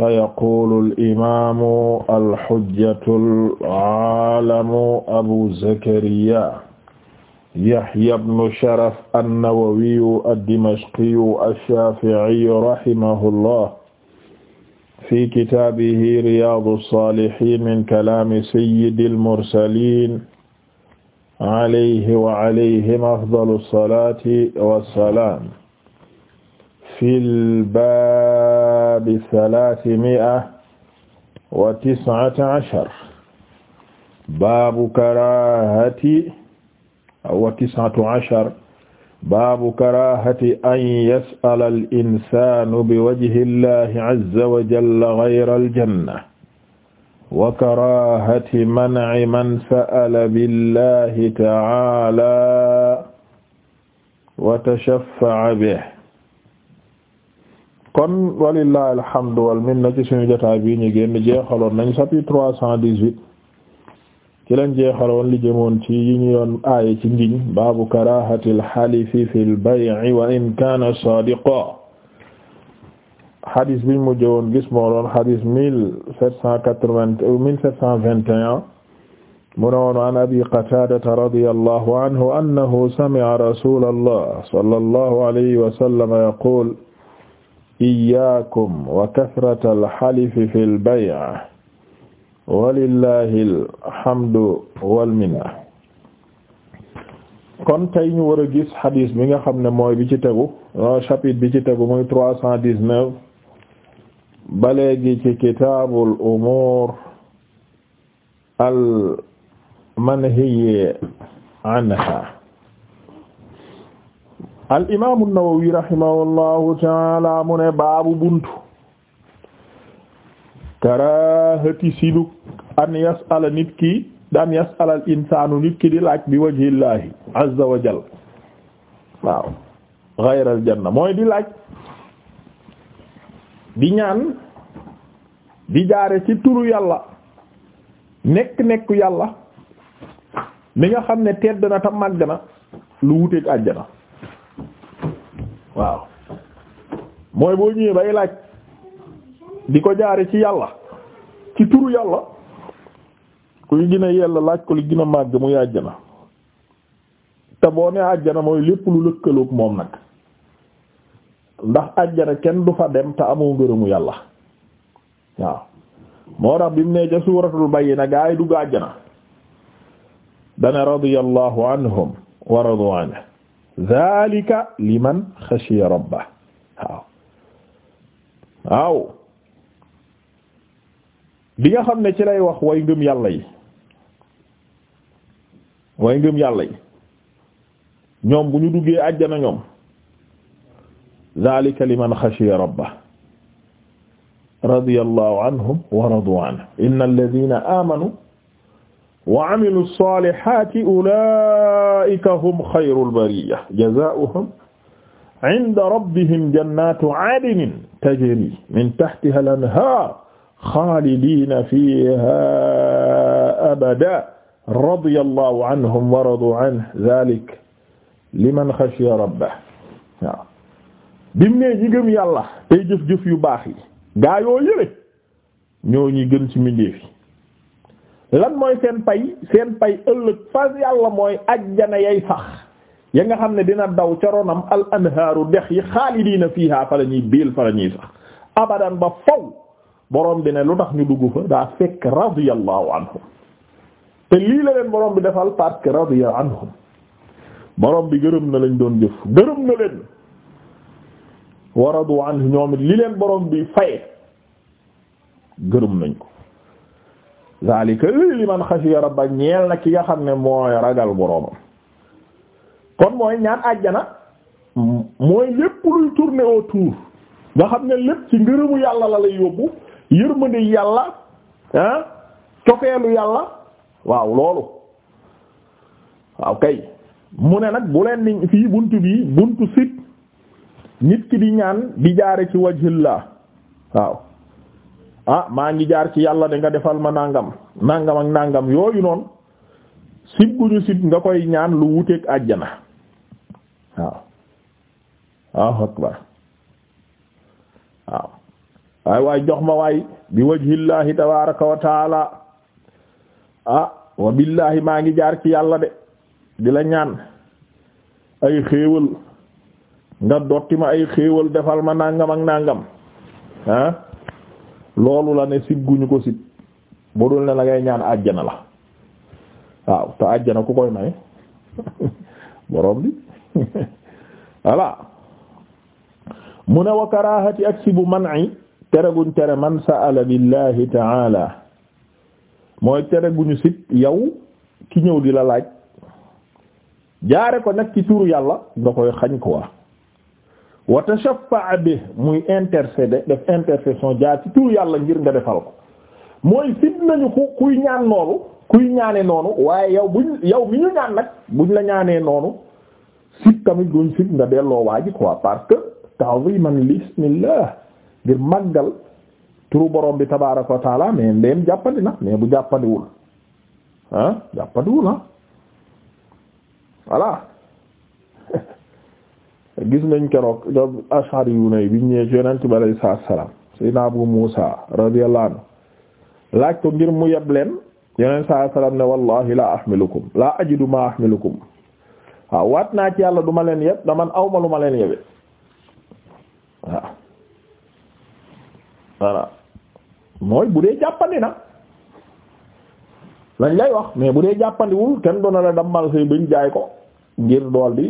fayaqulu al'imamu alxujjatul alamu abu zakariya yahya bnu sharaf annawawiyu addimashqiyu alshaaficiyu rahimahullah fi kitaabihi riyaadu saalihiin min kalaami sayyidil mursaliin alayhi wa alayhim afdalu salaati wa salaam fil baabi salaasimi'a wa tis'ata ashar baabu karaahati wa tis'atu ashar baabu karaahati an yas'ala al-insaanu biwajhi llaahi 'azza wa jalla ghayra al-janna wa karaahati man'i man sa'ala billaahi ta'aalaa wa tashaffa'a bihi kon walillahi alhamdu wal minna ci suñu jotaay bi ñu génn jeexaloon nañ chapitre trois cent dix-huit ci lañ jeexaloon li jëmoon ci yi ñu doon aaye ci ngiñ baabu karahati alxalifi fi lbay'i wa in kaana sadiqa xadis biñ mu jëwoon gis moo doon xadis mille sept cent quatre-vingt euh, mille sept cent vingt et un mu noon an abi qataadata radiyallahu anhu annahu sami'a rasulallah sallallahu alayhi wa sallam yaqul iyyaakum wa kasratal halifi fil bay' walillaahil hamdu wal minna kon tey ñu war a gis hadis bi nga xam ne mooy bi ci tegu euh, chapitre bi ci tegu mooy trois cent dix-neuf ba léegi ci kitaabul umuur al manhiyyi anhaa al imaamu Nawawi rahimahullahu taala mu ne baabu buntu karahati siluk an yasala nit ki an yasala al insaanu nit ki di laaj bi wajhillahi azza wa waaw ghayral janna mooy di laaj di ñaan di jaare ci turu yàlla nekk nekku yàlla mi nga xam ne tedd na ta màgg na lu wuteek àjjana waaw mooy boo ñëwee bay laaj di ko jaare ci yàlla ci turu yàlla kuy gën yella laaj ko li gën a màgg muy àjjana te boo ne àjjana mooy lépp lu lëkkaloog moom nag ndax àjjana kenn du fa dem te amoo ngërëmu yàlla waaw moo tax bi mu ne ca suuratul bayyina gaa yi dugg àjjana dana radiyallahu anhum wa radu anhu zalika liman xashiya rabba waaw waaw bi nga xam ne ci lay wax way ngëm yàlla yi way ngëm yàlla yi ñoom bu ñu duggee àjjana ñoom zalika liman xashiya rabba radiyallahu anhum wa radu anhu innal ladina amanu wa amilu salihati ulaika hum xayrul bariya jazaohum inda rabbihim jannatu aadinin tajri min tahtiha al anhar xaalidina fiha abada radiyallahu anhum wa radu an zalik liman xashiya rabbah waaw bimu ne ñi gëm yàlla tey jëf-jëf yu baax yi gaa yoo yële ñoo ñi gën ci mindeef yi lan mooy seen pay seen pay ëllëg fas yàlla mooy ajjana yay sax ya nga xam ne dina daw ca ronam dex yi xaalidiina fiiha fa la ñuy biil fa la ñuy sax abadan ba faw borom bi ne lu tax ñu dugg fa daa fekk radiyallahu anhum te lii la leen borom bi defal parce que radiya anhum borom bi gërëm na lañ doon jëf gërëm na leen waradu anhu ñoom li leen borom bi faye gërëm nañ ko zalika liman xashiya rabba ñeel na ki nga xam ne mooy ragal boroomam kon mooy ñaan àjjana mooy lépp luy tourner autour nga xam ne lépp ci ngërëmu yàlla la lay yóbbu yërmande yàlla ah cofeelu yàlla waaw loolu waaw kay mu ne nag bu leen fii buntu bi buntu sit nit ki di ñaan di jaare ci wajhillah waaw ah maa ngi jaar ci yàlla de nga defal ma nangam nangam ak nangam yooyu noon sib bu ñu sib nga koy ñaan lu wuteeg àjjana waaw waaw waaye jox ma waay bi wajhillahi tabaraka wa taala ah wa billahi maa ngi jaar ci yàlla de di la ñaan ay xéewal nga dotti ma ay xéewal defal ma nangam ak nangam ah loolu la ne sib guñu ko sib bu dul ne la ngay ñaan àjjana la waaw te àjjana ku koy may borom bi voilà mu ne wa karahati ak sibu man'i tere guñ tere man sa'ala billahi ta'ala mooy tere guñu sib yow ki ñëw di la laaj jaare ko nag ci turu yàlla nga koy xañ ko waa wa tashaffa'a bi muy intercéder def intercession jaar ci tur yàlla ngir nga defal ko mooy sit nañu ku kuy ñaan noonu kuy ñaane noonu waaye yow buñ yow mi ñu ñaan nag buñ la ñaanee noonu sit tamit duñ sit nga delloo waa ji quoi parce que ta'ziman bismillah ngir màggal turu boroom bi tabaaraka wa taala mais ndeem jàppandi na mais bu jàppandiwul ah jàppandiwul ah voilà gis nañ keroog do ashari yu nay biñ ñëwee ci yonent bi alayhi salaatu salaam sayyidina Abu Muusa radiyallahu anhu laaj ko ngir mu yeb leen yonent salaatu salaam ne wallahi la ahmilukum la ajidu ma ahmilukum waaw waat naa ci yàlla du ma leen yeb da man lu ma leen yebe waaw mooy bu dee jàppandi na lañ lay wax mais bu dee jàppandiwul kenn doona la dammal say bañ jaay ko ngir dool di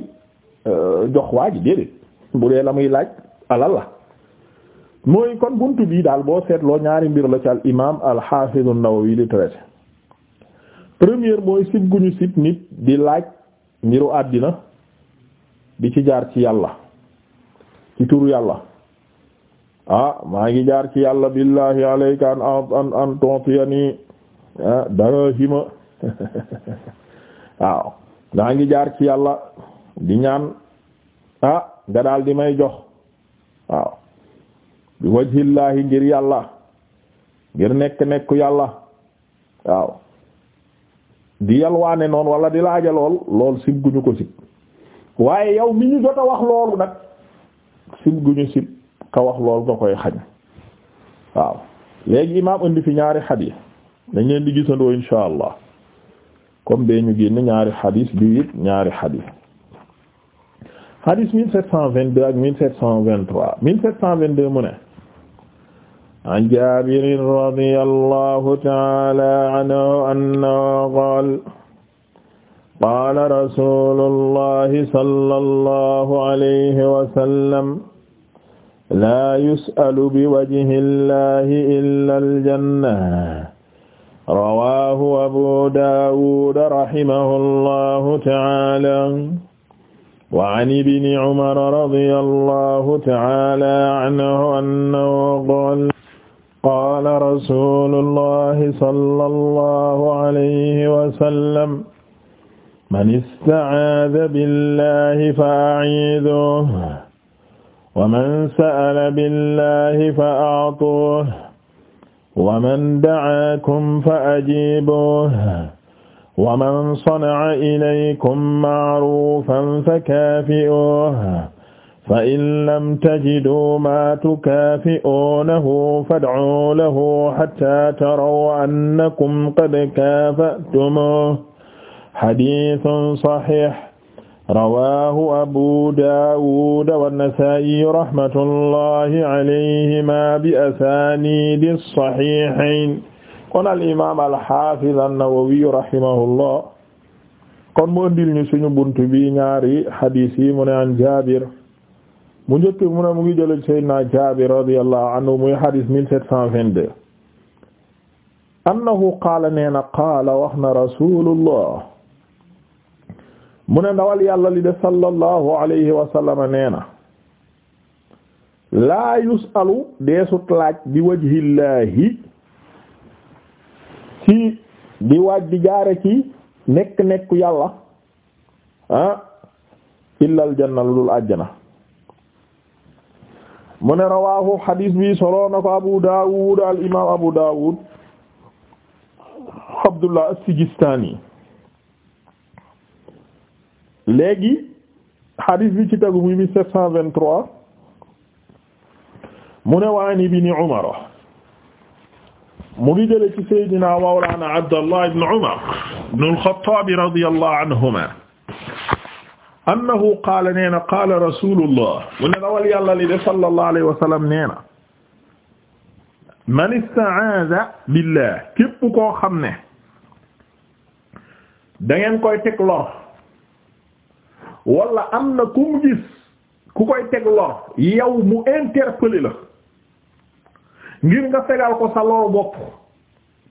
Euh, jox waa ji déedéet bu dee la muy laaj alal la mooy kon buntu bii daal boo seetloo ñaari mbir la ci al imaam al xaafiz nawawi di traité première mooy sib gu ñu sib nit di laaj mbiru àddina di ci jaar ci yàlla ci turu yàlla ah maa ngi jaar ci yàlla billahi alayka an an an tu'tiyani ah, darahima waaw maa ngi jaar ci yàlla di ñaan ah nga daal di may jox waaw bi wajhillaahi ngir yàlla ngir nekk nekku yàlla waaw di yalwaane noon walla di laaja lool lool sib guñu ko sib waaye yow mi ñu jot a wax loolu nag sib guñu sib ka wax lool nga koy xañ waaw léegi imaam indi fi ñaari xadiis dañ di gisandoo insha allah comme bee ñu génn ñaari xadiis bi it ñaari xadiis hadis 1722 ak 1723 1722 mu ne an Jaabir radiyallahu ta'ala anhu annahu qaala qaala rasuulullahi sallallahu alayhi wa sallam laa yus'alu biwajhillahi illal janna rawaahu Abu Daawuud rahimahullahu ta'ala wa an ibni umara radiyallahu ta'ala anhu annahu qaala qaala rasuulullahi sallallahu alayhi wa sallam man ista'aadha billahi fa a'iidhuhu wa man sa'ala billahi fa a'tuuhu wa man da'aakum fa ajiibuuhu wa man sana'a ilaykum ma'ruufan fakaafi'uuhu fa in lam tajiduu maa tukaafi'uunahu fad'uu lahu hattaa taraw annakum qad kaafa'tumuuhu hadiisun sahiih rawaahu abuu daawuud wan-nasaa'i rahmatullahi alayhimaa bi asaaniidi sahiihayn kon al imaam al xaafiz an-Nawawi kon mu andil ñu suñu bunt bi ñaari xadiis yi mu ne an Jaabir mu njëkk mu ne mu ngi jël Seydina Jaabir radiyallahu anhu muy xadiis 1722 annahu qaala nee na qaala wax na rasulullah mu ne ndawal yàlla li de sallallahu alayhi wa sallam nee na laa yusalu deesut laaj bi kii di waaj di jaare ci nekk nekk yàlla ah illa aljanna dul àjjana mu ne rawahu hadis bi solo ko Abu Dawud al imam Abu Dawud Abdullah as-Sijistani léegi hadis bi ci tegu muy mu ne waani bi ni mu ngi jële ci Seydina Mawlana Abdallah ibn Umar ibn al-Khattab radiyallahu anhuma annahu qaala nee na qaala rasulullah mu ne dawal li de sallallahu alayhi wa sallam nee na man ista'aza billah képp koo xam ne da koy teg lor wala am na ku ku koy teg lor yow mu interpellé ngir nga fegal ko sa loru bopp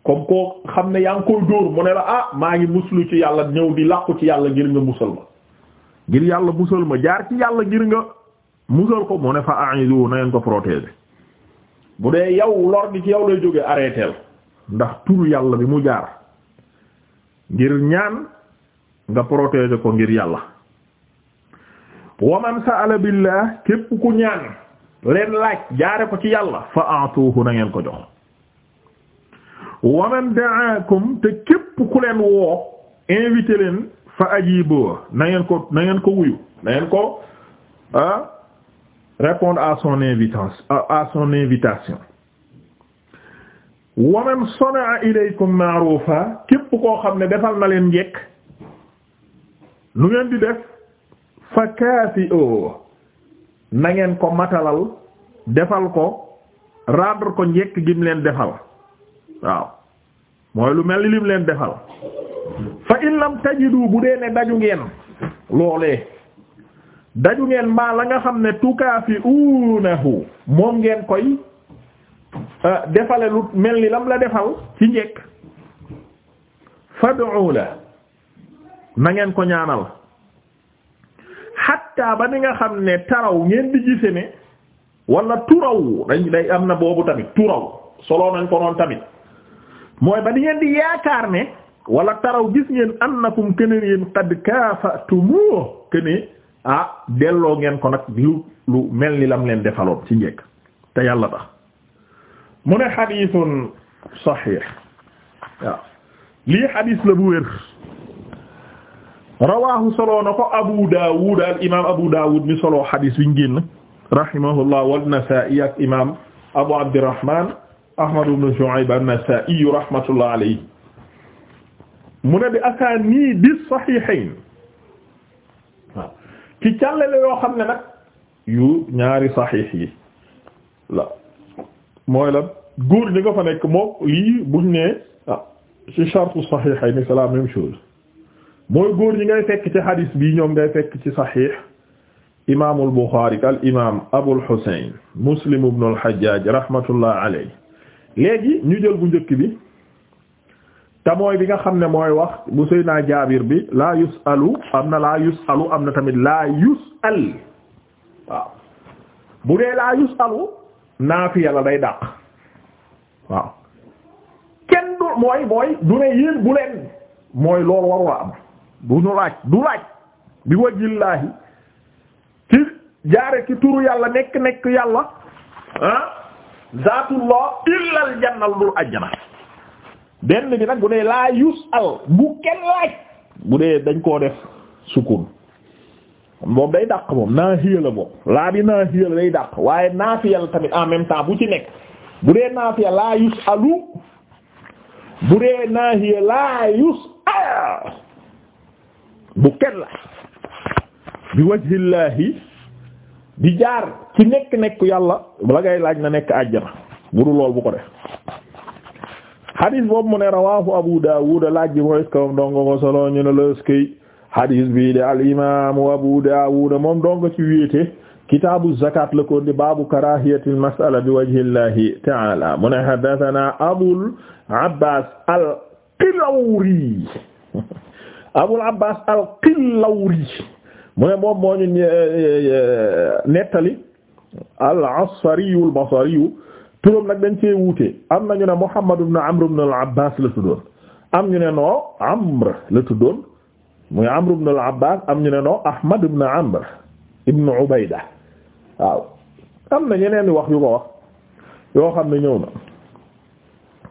comme koo xam ne yaa ngi koy dóor mu ne la ah maa ngi muslu ci yàlla ñëw di làqu ci yàlla ngir nga musal ma ngir yàlla musal ma jaar ci yàlla ngir nga musal ko mu ne fa a'idu na ngeen ko protéger bu dee yow lor gi ci yow lay jóge arrêté ndax turu yàlla bi mu jaar ngir ñaan nga protéger ko ngir yàlla waman sa'ala billah képp ku ñaan leen laaj jaare ko ci yàlla fa atuhu na ngeen ko jox wa man da'akum te képp ku leen woo invité leen fa ajibu na ko nangeen ko wuyu na ko ah répondre à son invitation à son invitation wa man sana'a ilaykum ma'rufa képp koo xam ne defal na leen njekk lu ngeen di def fa kaasi o nangeen ko matalal defal ko rendre ko njekk gim leen defal waaw mooy lu mel ni lim leen defal fa in lam tajidu bu dee ne daju ngeen loolee daju ngeen maa la nga xam ne tukaafi'uunahu moom ngeen koy euh, defale lu mel ni lam la defal ci njekk fad'u la na ngeen ko ñaanal xatta ba ni nga xam ne taraw ngeen di gise ne wala turaw dañ day am na boobu tamit turaw solo nañ ko noonu tamit mooy ba di ngeen di yaakaar ne wala taraw gis ngeen annakum kene yéen qad kaafatumu kene ah delloo ngeen ko nag lu lu mel ni lam leen defaloon ci njekk te yàlla tax mu ne xadiisun saxiix lii xadiis la bu wér rawaahu soloo na ko Abu Daawud al imaam Abu Daawud mi soloo xadis bi ñu génn rahimahullah wa an-Nasaa'i ak imaam Abu Abdirrahmaan Ahmad ibn Shu'ayb an-Nasaa'i rahmatullah alayhi mu ne bi asaaniidi sahihayn waaw ci càllale yoo xam ne nag yu ñaari saxiix yi la mooy la góor ñi nga fa nekk moom lii buñ ne ah ci shartu sahihayn c'est la même chose mooy góor ñi ngay fekk ci xadis bi ñoom ngay fekk ci saxiix imaamul Buxaari al imaam Abul Husayn Muslim ibn al Hajjaj rahmatullah léegi ñu jël bu njëkk bi te mooy bi nga xam ne mooy wax bu Seydina Jaabir bi laa yusalu am na laa yusalu am na tamit laa yusal waaw bu dee laa yusalu naafiya la day dàq waaw kenn du mooy mooy du ne yéen bu leen mooy loolu warula am du ñu laaj du laaj bi wajillaahi ci jaare ci turu yàlla nekk nekk yàlla ah zaatullah illal janna lu dul benn bi nag bu dee laa yusal bu kenn laaj bu dee dañ koo def sukun moom day dàq moom naahiya la moom laa bi naahiya la day dàq waaye naafiyal tamit en même temps bu ci nekk bu dee naafiya laa yusalu bu dee naahiya laa yusal bu kenn la bi wajhillaahi di jaar ci nekk nekk yàlla la ngay laaj na nekk àjjana buru lool bu ko def xadis boobu mu ne rawahu abu daawud laaj bi mooy kawam dongo ko ñu ne lëskëy xadis bi de al imaamu abu daawud moom dongo ci wéete kitaabu zakat la ko di baabu karahiyatil mas'ala bi wajhillahi ta'ala mu ne haddathana abul abbas al qilawri Abul Abbas al-Qillawri mu ne moom moo ñu eh, eh, eh, nettali al-Asfari al-Basri turam nag dañ cee wuute am na ñu ne Muhammad ibn Amr ibn al-Abbas la tuddoon am ñu ne noo Amr la tuddoon muy Amr ibn al-Abbas am ñu ne noo Ahmad ibn Amr ibn Ubayda waaw am na ñeneen wax yu ko wax yoo xam ne ñëw na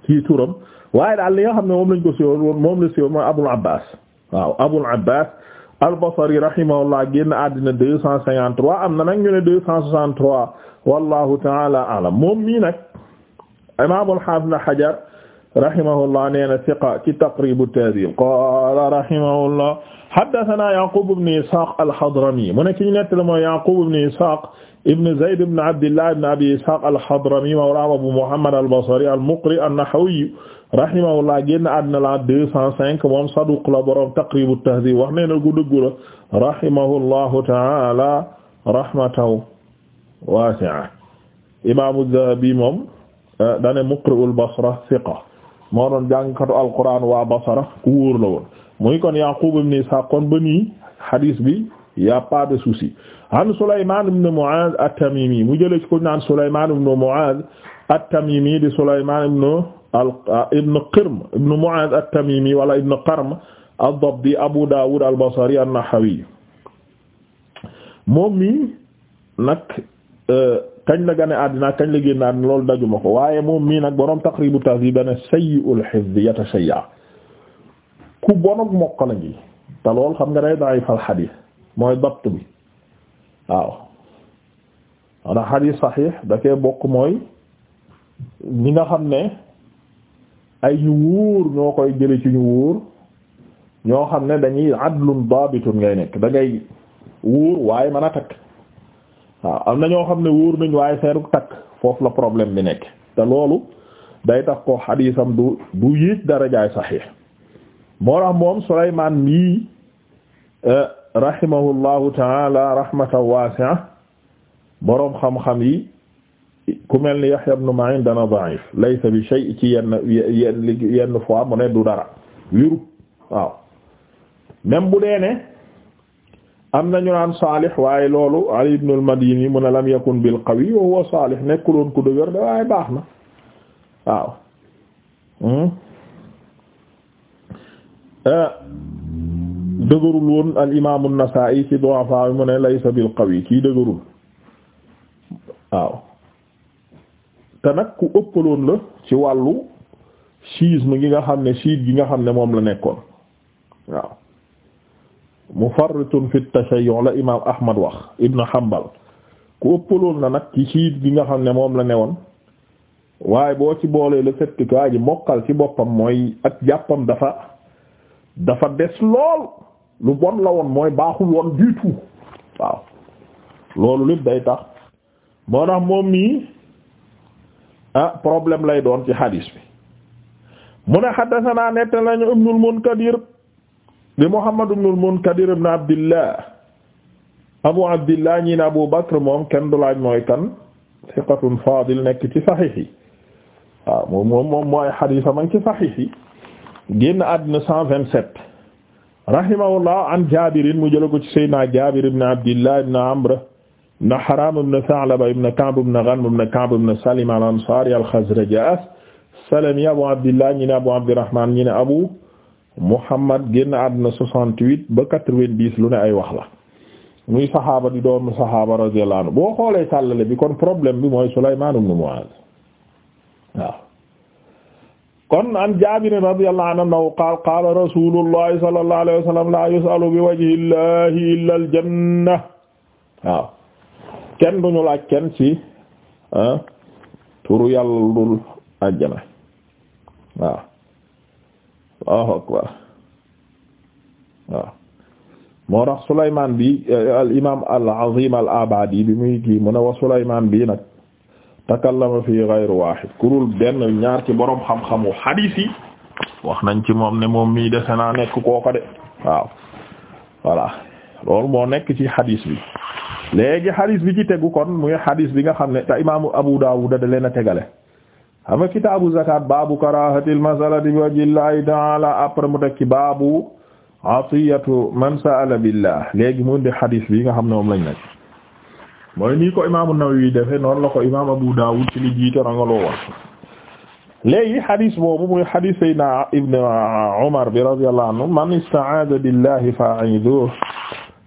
ci turam waaye daal li nga xam ne moom lañ ko siiwoon moom la mooy Abul Abbas waaw Abul Abbas al-Basri rahimahullah génn àddina deux cent cinquante trois am na nag ñu ne deux cent soixante trois wallahu taala alam moom mii nag imaam al-Hafiz Hajar rahimahullah nee na thiqa ci Taqrib at-Tahdhib qala rahimahullah haddathana Yaqub ibn Ishaq al-Hadrami mu ne ki ñu nettali mooy Yaqub ibn Ishaq ibn Zayd ibn Abdillah ibn Abi Ishaq al-Hadrami mawla Abu Muhammad al-Basri al-Muqri an-Nahawi rahimahullah génn àddina la deux cent cinq moom saduq la borom taqribu tahdhib wax nee na gu dëggu la rahimahullahu ta'ala rahmatan wasi'a imaamu Dhahabi moom eh, dane muqri'ul basra thiqa moo doon jàngkatu alquran waa basara ku wóor la woon muy kon Yaqub ibn Ishaq kon ba nii hadis bi y a pas de souci an Sulayman ibn Mu'adh at-Tamimi mu jëlee ci ko naan Sulayman ibn Mu'adh at-Tamimi di Sulayman ibn Ah, ibn Qirm ibn Mu'aaz at-Tamiimi wala ibn Qarm ad-Dabbi Abu Daawuud al-Basri an-Nahawi moom mi nag eh, kañ la gane àddina kañ la génn àddina loolu dajuma ko waaye moom mii nag borom Taqriibu Tahziib dana sayyi'ul hifz yatashayya ku bonok mokk la ngi te lool xam nga day da'if al-hadiis mooy dabt bi waaw ndax hadiis saxiix da bokk mooy ñi nga xam ne ay ñu wóor ñoo koy jële ci ñu wóor ñoo xam ne dañuy adlun dabitun ngay nekk da ngay waaye mën a takk waaw am na ñoo xam ne wóor nañ waaye seeru takk foofu la problème bi nekk te loolu day tax ko xadiisam du du yéeg darajaay saxiix moo tax moom Sulaymaan mii eh, rahimahullahu taala rahmatan wasi'a boroom xam-xam yi ku mel ni Yahya ibn Ma'in dana du dara wéru waaw même bu dee ne am nañu naan saalih waaye loolu Ali ibn al-Madini mu lam yakun bil qawi wa huwa saalih nekkuloon ku dëgër de baax na waaw hmm? eh, dëgërul woon al imaamu an-Nasaa'i ci du'afaa mu ne bil qawi kii dëgërul waaw te nag ku ëppaloon la ci wàllu schisme gi nga xam ne chiite gi nga xam ne moom la nekkoon waaw mufarritun fi tashayyu la imaam Ahmad wax Ibn Hanbal ku ëppaloon la nag ci chiite gi nga xam ne moom la ne woon waaye boo ci boolee la fait que waa ji mokkal ci boppam mooy ak jàppam dafa dafa des lool lu bon la woon mooy baaxul woon du tout waaw loolu lépp day tax moo tax moom mii problème lay doon ci hadis bi mu ne haddathana netta lañu ibnul munkadir di muhammad ibnul munkadir ibn abdillah abu abdillah ñi ne abu bakr moom kenn du laaj mooy kan thiqatun fadil nekk ci saxiix yi waaw moom moom moom mooy xadiisa man ci saxiix yi génn àddina cent vingt-sept rahimahullah an jaabirin mu jëla ko ci seydina jaabir ibn abdillah ibn amr ibn Haram ibn Tha'laba ibn Ka'b ibn Ghanm ibn Ka'b ibn Salim al-Ansari al-Khazraji as-Salami Abu Abdillah ñi ne Abu Abdirrahman ñi ne Abu Muhammad génn àdduna 68 ba 90 lu ne ay wax la muy saxaaba di doon saxaaba radiyallahu anhu boo xoolee tàllale bi kon problème bi mooy Sulaymaan ibn Mu'aaz waaw kon an Jaabir radiyallahu anhu annahu qaala qaala rasuulullahi sallallahu alayhi wa sallam laa yus'alu bi wajhi llahi illa al-janna waaw kenn duñu laaj kenn ci turu yàlla lu dul àjjana waaw Allahu akbar waaw moo tax bi eh, al imaam al azim al abadi bi muy kii mu ne wa Souleymane bii nag takallama fi ghayr wahid kurul benn ñaar ci borom xam-xamu hadith yi wax nañ ci moom ne moom mii dese naa nekk kooka de waaw voilà loolu moo nekk ci hadith bi. léegi xadis bi ci tegu kon muy xadis bi nga xam ne te imaamu Abu Dawud da leen a tegale xam nga kitaabu zakat baabu karahatil masalati bi wajillahi taala après mu teg ci baabu atiyatu man sa'ala billah léegi mu indi xadis bi nga xam ne moom lañ nekk mooy nii ko imaamu Nawawi defee noonu la ko imaam Abu Dawud ci li jiite rangaloo wax léegi xadis boobu muy xadis Seydina Ibn Umar bi radiyallahu anhu man ista'aada billahi fa'idhuhu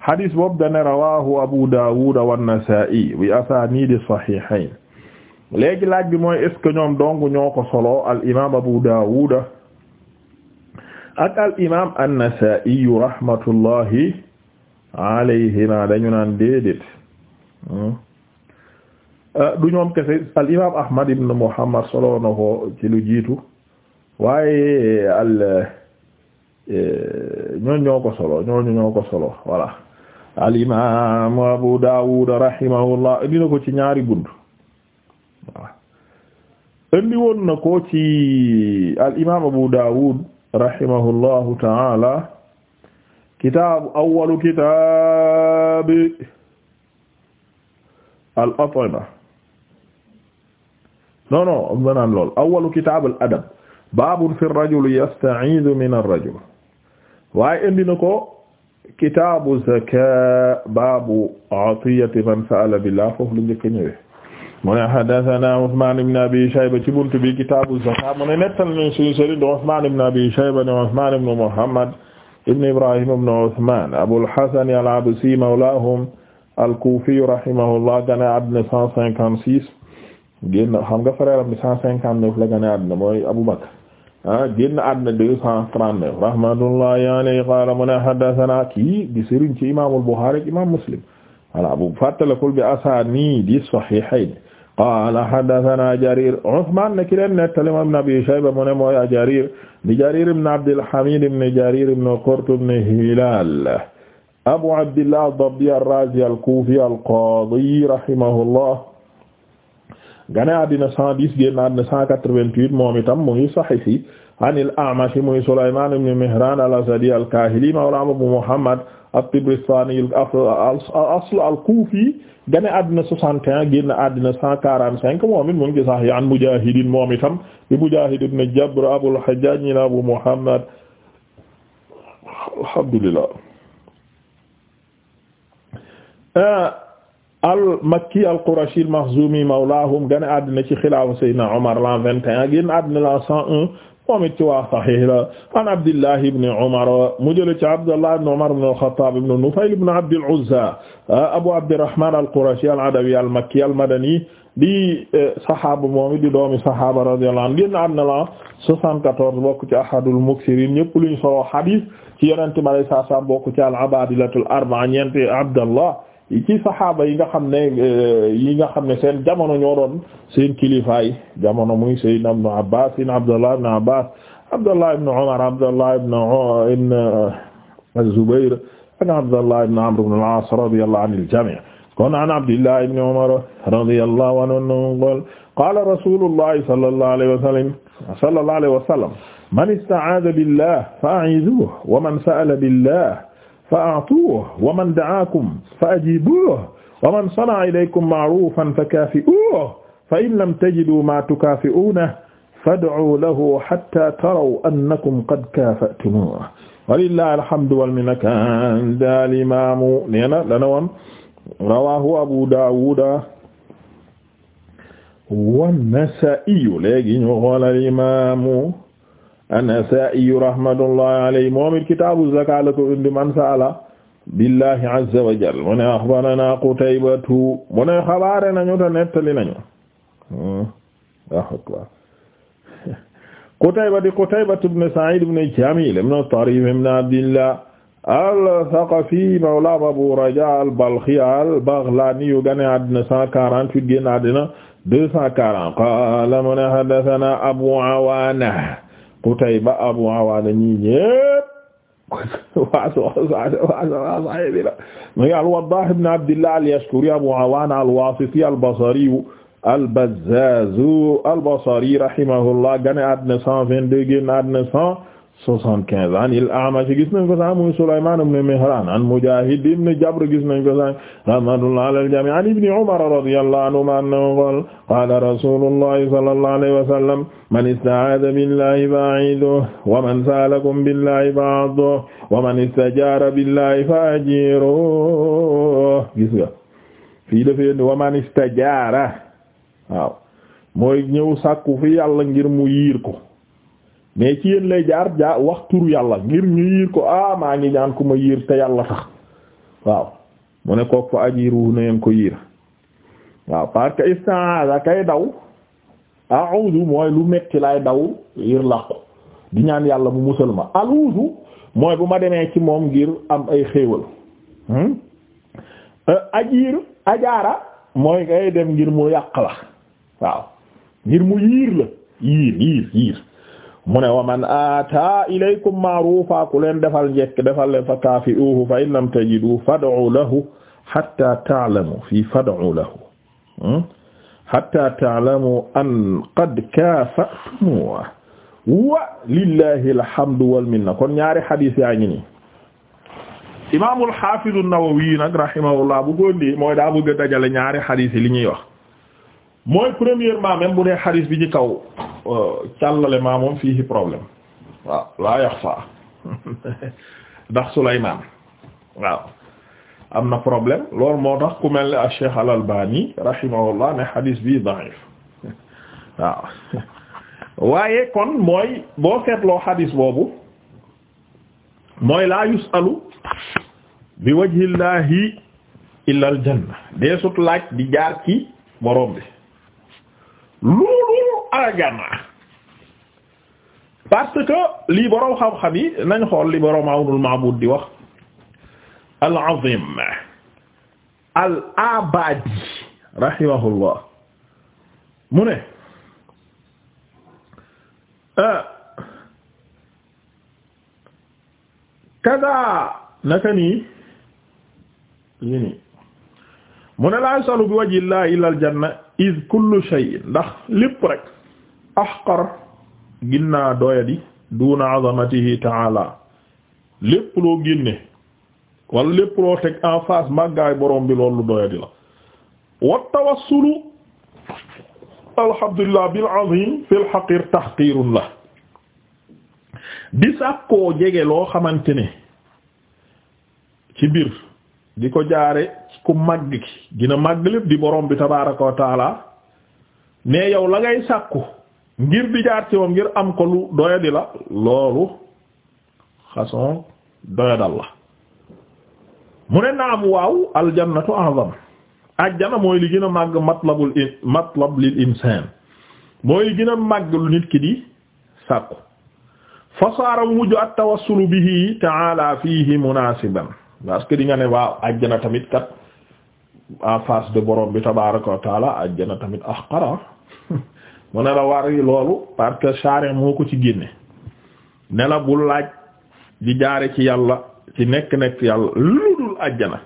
hadis boobu dane rawahu Abu Dawud wa Nasa'i bi asanidi sahihayn léegi laaj bi mooy est que ñoom dong ñoo ko solo al imam Abu Dawud ak al imam an-Nasa'i rahmatullahi dañu naan déedéet du ñoom kese al imam Ahmad ibn Muhammad solo na ko ci lu jiitu waaye al eh, ñooñu solo ñooñu ñoo solo voilà al imam Abu Dawud rahimahullah indi na ko ci ñaari bunt waaw indi woon na ko ci al imam Abu Dawud rahimahullahu taala kitaabu awwalu kitaabi al at'ima non non banaan lool awwalu kitaab al adab baabun fi ar-rajul yasta'iidu min ar-rajul waaye indi na ko kitaabu zaka baabu atiyati man sa'ala billah foofu la njëkk a ñëwee mu ne haddathana Usmaan ibn Abi Shayba ci buntu bi kitaabu zaka mu ne nettal nañ suñu sëriñ di Usmaan ibn Abi Shayba ne Usmaan ibn Muhammad ibn Ibrahim ibn Usmaan Abul Hasan al-Absi mawlaahum al-Kufi rahimahullah gane àddina cent cinquante six génn xam nga frère am bi cent cinquante neuf la gane àddina mooy Abu Bakr ah génn àdduna deux cent trente-neuf rahmatullahi alayhi qaala mu ne haddathana kii di sëriñ ci imaamul Buxaari imaam Muslim voilà bu fàttalikul bi asaaniidi sahihayn qaala haddathana Jarir Usmaan ne ki leen nettali ibn Abi Shayba mu ne mooy Jarir di Jarir ibn Abdil Hamiid ibn Jarir ibn Qurt ibn Hilaal Abu Abdillah ad-Dabbi ar-Raazi al-Kuufi al-Qaadi rahimahullah gane àddina 110 génn àddina moom itam mu ngi sahihi anil A'mash muy Sulaymaan ibn Mihraan al-Asadi al-Kaahili mawla Abu Muhammad at al-asl al-Kuufi gane àddina 61 génn àddina 145 moom mu ngi sahih an Mujaahid moom itam di Mujaahid ibn Jabr Abul Hajjaaj ñi na Abu Muhammad alhamdulillah al-Makki al-Qurashi al-Makhzumi mawlaahum gane àddina ci xilaafa Seydina Omar l'an 21 génn àddina l'an 101 moom it ci waa Sahih la an Abdullah ibn Abdullah ibn Umar ibn al qurashi al-Adawi al-Makki al-Madani di eh, saxaaba moom it di doomi saxaaba radiyallahu anhu génn àddina l'an 74 bokk ci ahadul muksirin ñëpp luñ solo hadith ci Yonent bi sallallahu alayhi wa sallam bokk ci al-abadilatul arba'a ñeent Abdullah ci saxaaba yi nga xam ne euh, yi nga xam ne seen jamono ñoo doon seen kilifaay jamono muy sayyidna ibn Abbas ibn Abdullah ibn Abbas Abdullah ibn Umar Abdullah ibn euh, ibn az-Zubayr euh, ak Abdullah ibn Amr ibn al-As radiyallahu anil jami' kon an Abdullah ibn Umar radiyallahu anhu qala rasulullahi sallallahu alayhi wa sallam sallallahu alayhi wa sallam man ista'aadha billahi fa'idhuhu wa man sa'ala billahi fa a'tuuhu wa man da'aakum fa ajiibuuhu wa man sana'a ilaykum ma'ruufan fa kaafi'uuhu fa in lam tajiduu maa tukaafi'uunahu fad'uu lahu hattaa taraw annakum qad kaafa'tumuuhu walillaahi alhamdu wal minna kan daal imaamu nee na dana woon rawaahu Abuu Daawuda wan-Nasaa'i léegi ñu xoolal imaamu an-Nasaa'i rahmatullahi alayhi moom it kitaabu zakaat la ko indi man sa'ala billahi azza wa jalla mu ne axbaranaa Qutaybatu mu ne xabaare nañu te nettali nañu hmm. Qutayba di Qutaybatu ibn Sa'iid ibn Jamiil ibn Tariif ibn Abdillah al-Thaqafi mawla Abu Rajaa al-Balkhi al-Baghlaani yu gane àddina 148 génn àddina 240 qaala mu ne haddathanaa Abu Awaana Qutayba Abu Awaana ñii ñépp waaso waaso waaso waaye bi la mu ngi al-Waddaah ibn Abdillah al-Yashkuri Abu Awaana al-Waasiti al-Basri al-Bazzaaz al-Basri rahimahullah gane àddina 122 génn àddina 100 75 an il A'mash gis nañ ko sa muy Sulaymaan ibn Mihraan an Mujaahid ibn Jabr gis nañ ko sa rahmatullah ala al-jamii' an ibni Umar radiyallahu anhumaa annahu qaala qaala rasuulullahi sallallahu alayhi wa sallam man ista'aadha billahi fa'iiduhu wa man sa'alakum billahi fa'uduhu wa man istajaara billahi fa'jiiruhu gis nga fii dafay wa man istajaara waaw mooy ñëw sàkku fi Yàlla ngir mu yiir ko mais ci yéen lay jaar jaa wax turu yàlla ngir ñu yiir ko ah maa ngi ñaan ku ma yiir te yàlla tax waaw mu ne kook fa ajiru na ngeen ko yiir waaw parce que isti'aza kay daw a'udhu mooy lu metti lay daw yiir làqu di ñaan yàlla mu musal ma aluuzu mooy bu ma demee ci moom ngir am ay xéewal hmm? euh, ajiir ajaara mooy kay dem ngir mu yàq la waaw ngir mu yiir la yiir yiir yiir mu ne wa man ata ilaykum ma'rufa ku leen defal njekk defal leen fa kaafi'uhu fa in lam tajidu fad'u lahu hatta ta'lamu fi fad'u lahu hmm? hatta ta'lamu an qad kaafa'tumuhu wa lillahi alhamdu wal minna kon ñaari hadith yaa ngi nii imaamul haafiz an-Nawawi nag rahimahullah bu ko ndi mooy daa bëgg a dajale ñaari hadith yi li ñuy wax mooy premièrement même bu dee hadith bi ci kaw càllale maa moom fii waaw laa yaxfa ndax Sulaymaan waaw na problème loolu moo tax ku mel ne ak Cheikh Al Albani rahimahullah ne hadith bi da'if waaye kon mooy boo seetloo hadith boobu mooy laa yusalu bi wajhillahi illa al dee sut laaj di jaar ci borom loolu ajana parce que lii boroom xam-xam yi nañ xool li boroom Awnul Ma'bud di wax al azim al abadi rahimahullah mu ne ah, kada naka nii lii nii mu ne laa yusalu bi wajhi llahi illa al janna is kullu shay ndax lépp rekk ahqar ginnaa doyadi duna azamatihi taala lépp loo génne wala lépp loo teg en face màggaay borom bi loolu doyadi la wa tawassulu alhamdulillah bil azim fil haqir tahqirun la di sàkkoo jege loo xamante ne ci di ko jaare ku màgg ki dina màgg lépp di borom bi tabaaraka wa ne yow la ngay sàkku ngir bi jaar moom ngir am ko lu doyadi la loolu façon doyadal la mu ne naam waaw aljannatu a'zam ajjana mooy li gën a màgg matlabul matlab lil insaan mooy li gën a màgg lu nit ki di sàkku fa saara mujj at tawassulu bihi ta'ala fihi munaasiban parce que di ne waaw ajjana tamit kat en face de borom bi tabaaraka wa taala tamit ahqara mu ne la war yi loolu parce que sharin moo ko ci génne ne bu laaj di jaare ci yàlla ci nekk-nekk yàlla lu dul ajjana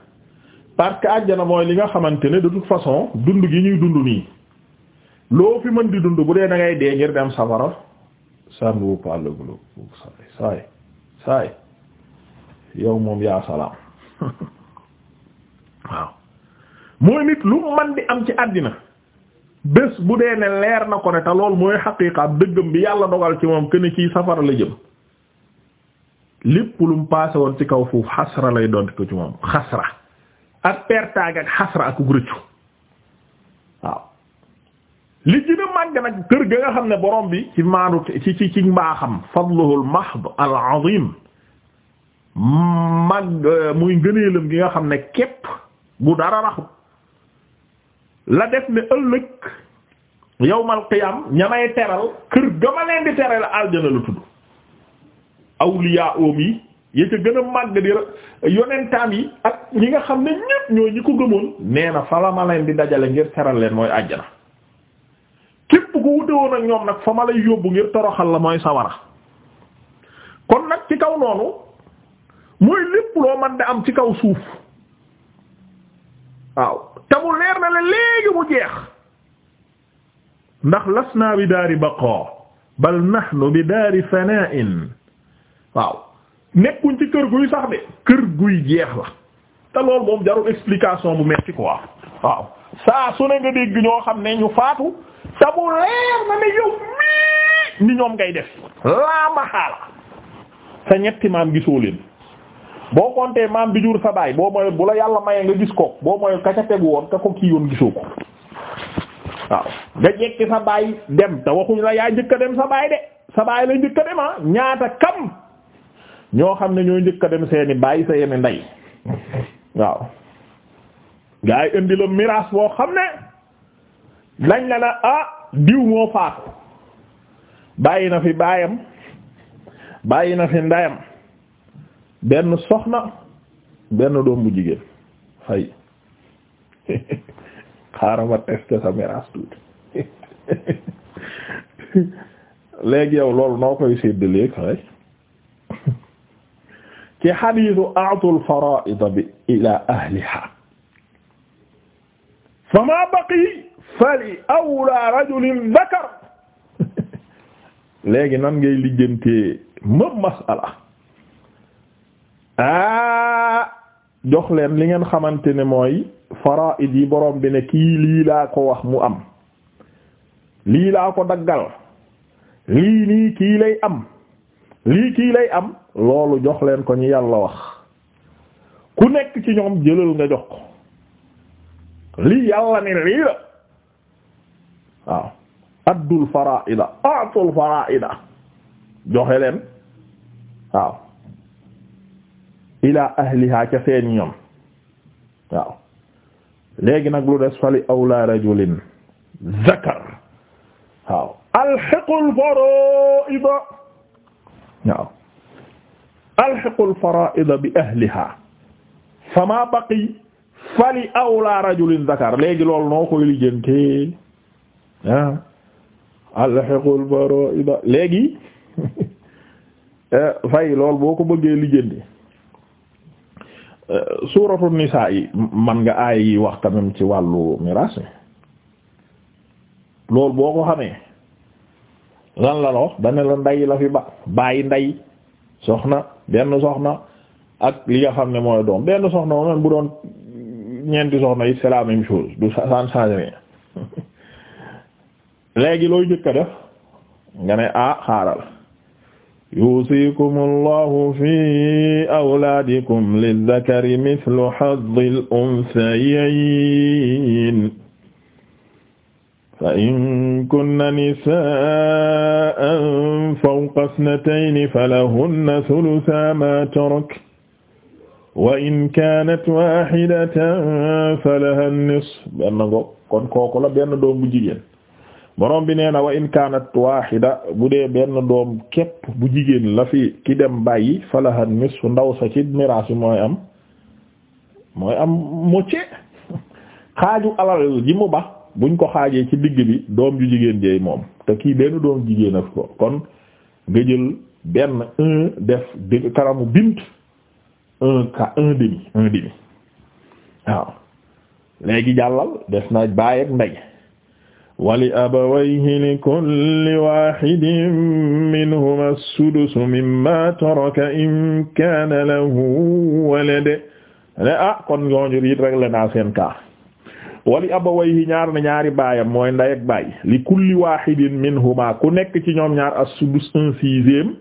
parce que ajjana mooy li nga xamante ne de toute façon dund gi ñuy dund nii loo fi mën di dund bu dee da ngay dee ngir dem safara ça ne saay saay yow moom yaa salaam waaw mooy nit lu man di am ci àddina bés bu dee ne leer na ko ne te lool mooy xaqiiqaam dëggam bi yàlla dogal ci moom kenn kii safara la jëm lépp lu mu paase woon ci kaw foofu xasra lay doon ci moom xasra ak pertaag ak xasra ak rëccu waaw li gën a nag kër ga nga xam ne borom bi ci maanu ci ci ci mbaaxam fadluhul mahd al azim euh, muy ngëneelam gi nga xam ne képp bu dara raxut la def ne ëllëg yawmal qiyam ñamay teral kër ga ma leen di teral aljana la tudd awliya oom yi ya ca gën a màgg di yonentaan yi ak ñi nga xam ne ñépp ñoo ñi ko gëmoon nee na fa la ma leen di dajale ngir teral leen mooy àjjana képp ku wute ak ñoom nag fa ma lay yóbbu ngir toroxal la mooy sawara kon nag ci kaw noonu mooy lépp loo man di am ci kaw suuf waaw te mu leer na la léegi mu jeex ndax las naa bi daari baqa bal nahnu bi daari fana'in waaw nekkuñ ci kër guy sax de kër guy jeex la te lool moom jarul explication bu metti quoi waaw saa su ne nga dégg ñoo xam ne ñu faatu te leer na ne yow mii ni ñoom ngay def laa maxaala sa ñetti maam gisoo leen boo kontee maam bi jur sa baay boo mooy bu la yàlla mayee nga gis ko boo mooy ka ca tegu woon ka ko kii yoon gisoo ko waaw nga jekki sa baay dem te waxuñu la yaa njëkk a dem sa baay de sa baay la njëkk a ah ñaata kam ñoo xam ne ñoo njëkk a dem seeni baay sa yenn ndey waaw gaa yi miraas boo xam ne lañ la na ah diw moo faatu bàyyi na fi baayam bàyyi na fi ndeyam benn soxna benn doom bu jigéen fay xaaral ma sa miraas tuuti léegi yow loolu noo koy séddalee kay ci xadiisu a'tul faraa'ida bi ilaa ahlihaa famaa baqi fali awlaa rajulin dhakar léegi nan ngay lijjantee ma masala ah jox leen li ngeen xamante ne mooy faraid yi borom bi ne kii lii laa ko wax mu am lii laa ko daggal lii nii kii lay am lii kii lay am loolu jox leen ko ñu yàlla wax ku nekk ci ñoom jëlal nga jox ko lii yàlla ne lii la waaw addul faraida atul faraida joxe leen waaw ilaa ahliha ca seen ñoom waaw léegi nag lu des fali awla rajulin zakar waaw alxiqul faraida waaw alxiqul faraida bi ahliha fama baqi fali awla rajulin zakar léegi loolu noo koy lijjantee ah alxiqul faraida léegi eh, fay loolu boo ko bëggee lijjanti Euh, suuratu nisaa yi man nga aaya yi wax quand ci wàllu miraas lool boo ko xamee lan la la wax dana la nday la fi ba bàyyi nday soxna benn soxna ak li nga xam ne mooy doom benn soxna moom bu doon ñeenti soxna it c'est la même chose du sans changer rien léegi looy jëkka def nga ne ah xaaral yuusikum allahu fi awlaadikum lizzakari mithlu hazzil unsayayni fa in kunna nisaa'an fawqa ithnatayni falahunna thuluthaa maa taraka wa in kaanat waahidatan falahaa nisfu benn ngoog kon kooku la benn doom bu jigéen borom bi nee na wa in kaanat waahida bu dee benn doom képp bu jigéen la fi ki dem bàyyi falaha nisfu ndaw sa ci miraas bi mooy am mooy am mocce xaaju alal ji mu ba buñ ko xaajee ci digg bi doom ju jigéen jeey moom te kii benn doom jigéen ak ko kon nga jël benn def karamu bint un ka waaw léegi jàllal def na baay ak ndey wali abawayhi likulli waahidin minhumaa as-sudusu mimmaa taraka in kaana lahu walad ne ah kon ñooñu it rek la naa seen kaa wali abawayhi ñaar na ñaari baayam mooy ndey ak li kulli waahidin minhumaa ku nekk ci ñoom ñaar as un sixième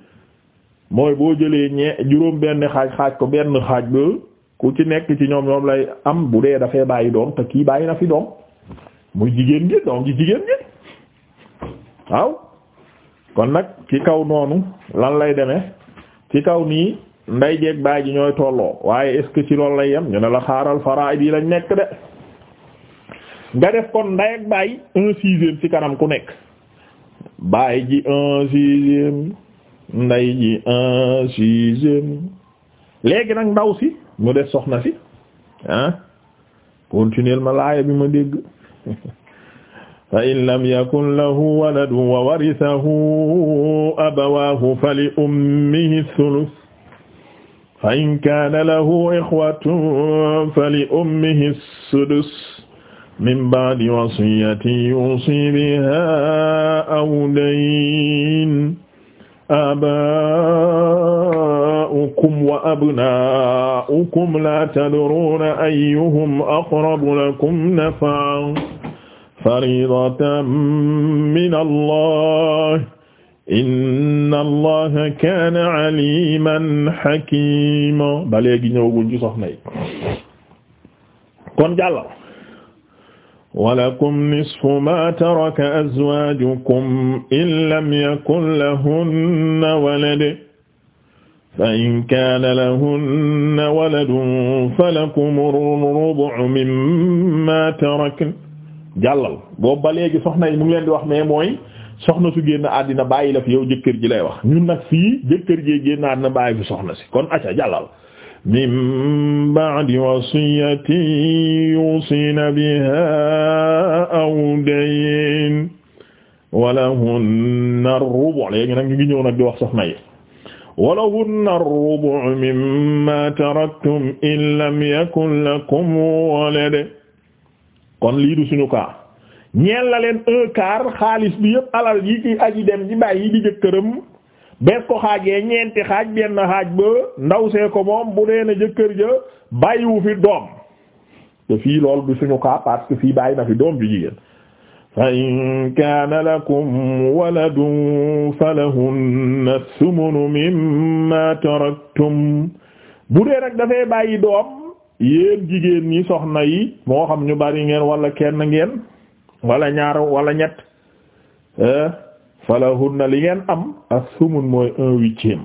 mooy boo jëlee ñee juróom benn xaaj xaaj ko benn xaaj ba ku ci nekk ci ñoom ñoom lay am bu dee dafay bàyyi doom te kii bàyyi na fi doom. muy jigéen gi doom jigéen gi waaw kon nag ci kaw noonu lan lay deme ci kaw nii nday jeeg baay ji ñooy tolloo waaye est-ce que ci loolu lay yem ñu ne la xaaral faraay bii lañ nekk de nga def kon nday ak baay un sixième ci kanam ku nekk baay ji un sixième nday ji un sixième léegi nag ndaw si mu def soxna si ah continuel ma laaya bi ma dégg fa in lam yakun lahu waladun wa warisahu abawaahu fali ummihi sulus fa in kaana lahu ixwatun fali ummihi sudus min ba'di wasiyatin yuusi bihaa aw daynin abaa'ukum wa abnaa'ukum laa tadruuna ayyuhum aqrabu lakum naf'an faridatan min allah inna allaha kaana aliman hakima ba léegi ñëwguñ ci soxna yi kon jàllal walakum nisfu ma taraka azwajukum in lam yakun lahunna walad fa in kaana lahunna waladun falakum ar-rubu' mimma tarakna jàllal boobu ba léegi soxna yi mu ngi di wax mais mooy soxna su génn àddina bàyyi la fi yow jëkkër ji lay wax ñun nag fii jëkkër ji génn àddina bàyyi fi soxna si kon acca jàllal min ba'di wasiyatin yusina biha aw dayn walahunna rubu' léegi nag ñu ngi ñëw nag di wax soxna yi walahunna rubu' mimma taraktum in lam yakun lakum walad kon lii du suñu cas ñeel la leen un quart xaalis bi yëpp alal yi ci aji dem ci bàyyi di jëkkëram bees ko xaajee ñeenti xaaj benn xaaj ba ndaw see ko moom bu dee ne jëkkër ja bàyyiwu fi doom te fii loolu du suñu cas parce que fii bàyyi na fi doom ju jigéen fa in kaana lakum waladun falahunna sumunu mimma taraktum bu dee nag dafay bàyyi doom yéen jigéen ñi soxna yi moo xam ñu bari ngeen wala kenn ngeen wala ñaar wala ñett eh, falahunna li ngeen am as-sumun mooy un huitième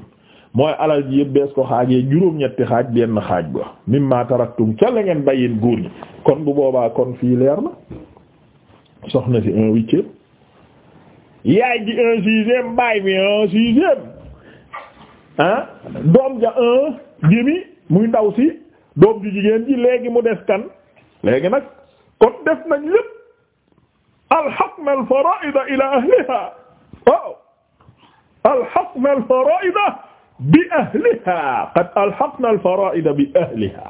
mooy alal ji yëpp bees ko xaajee juróom-ñetti xaaj benn xaaj ba mimma taraktum ca la ngeen bàyyin góor ñi kon bu boobaa kon fii leer na soxna si un huitième yaay ji un sixième baay bi un sixième doom ja un demi muy ndaw si doom ji jigéen ji léegi mu des kan léegi nag kon def nañ lépp alhaqna al fara'ida ila ahliha waaw alhaqna al fara'ida bi ahliha qad alhaqna al bi ahliha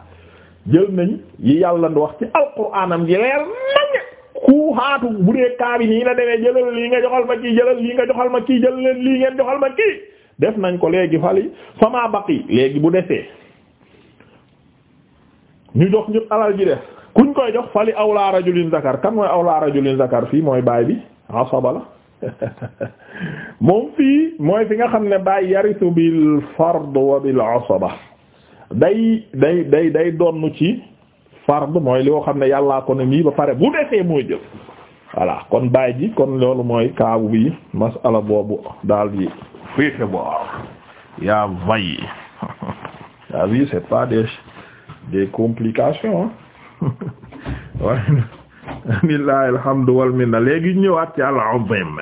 jël nañ yi yàlla wax ci alquraanam ji leer nañ ku xaatu bu dee kaa bi nii la demee jëlal lii nga joxal ma kii jëlal lii nga joxal ma kii jël leen lii ngeen joxal ma kii def nañ ko léegi fali fama baqi léegi bu desee ñu jox ñëpp alal ji def kuñ koy jox fali awla rajulin zakar kan mooy awla rajulin zakar fii mooy baay bi asaba la moom fii mooy fi nga xam ne baay yarisu bil fard wa bil asaba day day day day donnu ci fard mooy li xam ne yàllaa ko ne nii ba pare bu desee mooy jël voilà kon baay ji kon loolu mooy kaabu bi masala boobu daal di féete boor yaa vay yaa vi c'est pas des des complications ah billahi alhamdu wal minna léegi ñëwaat ci al azim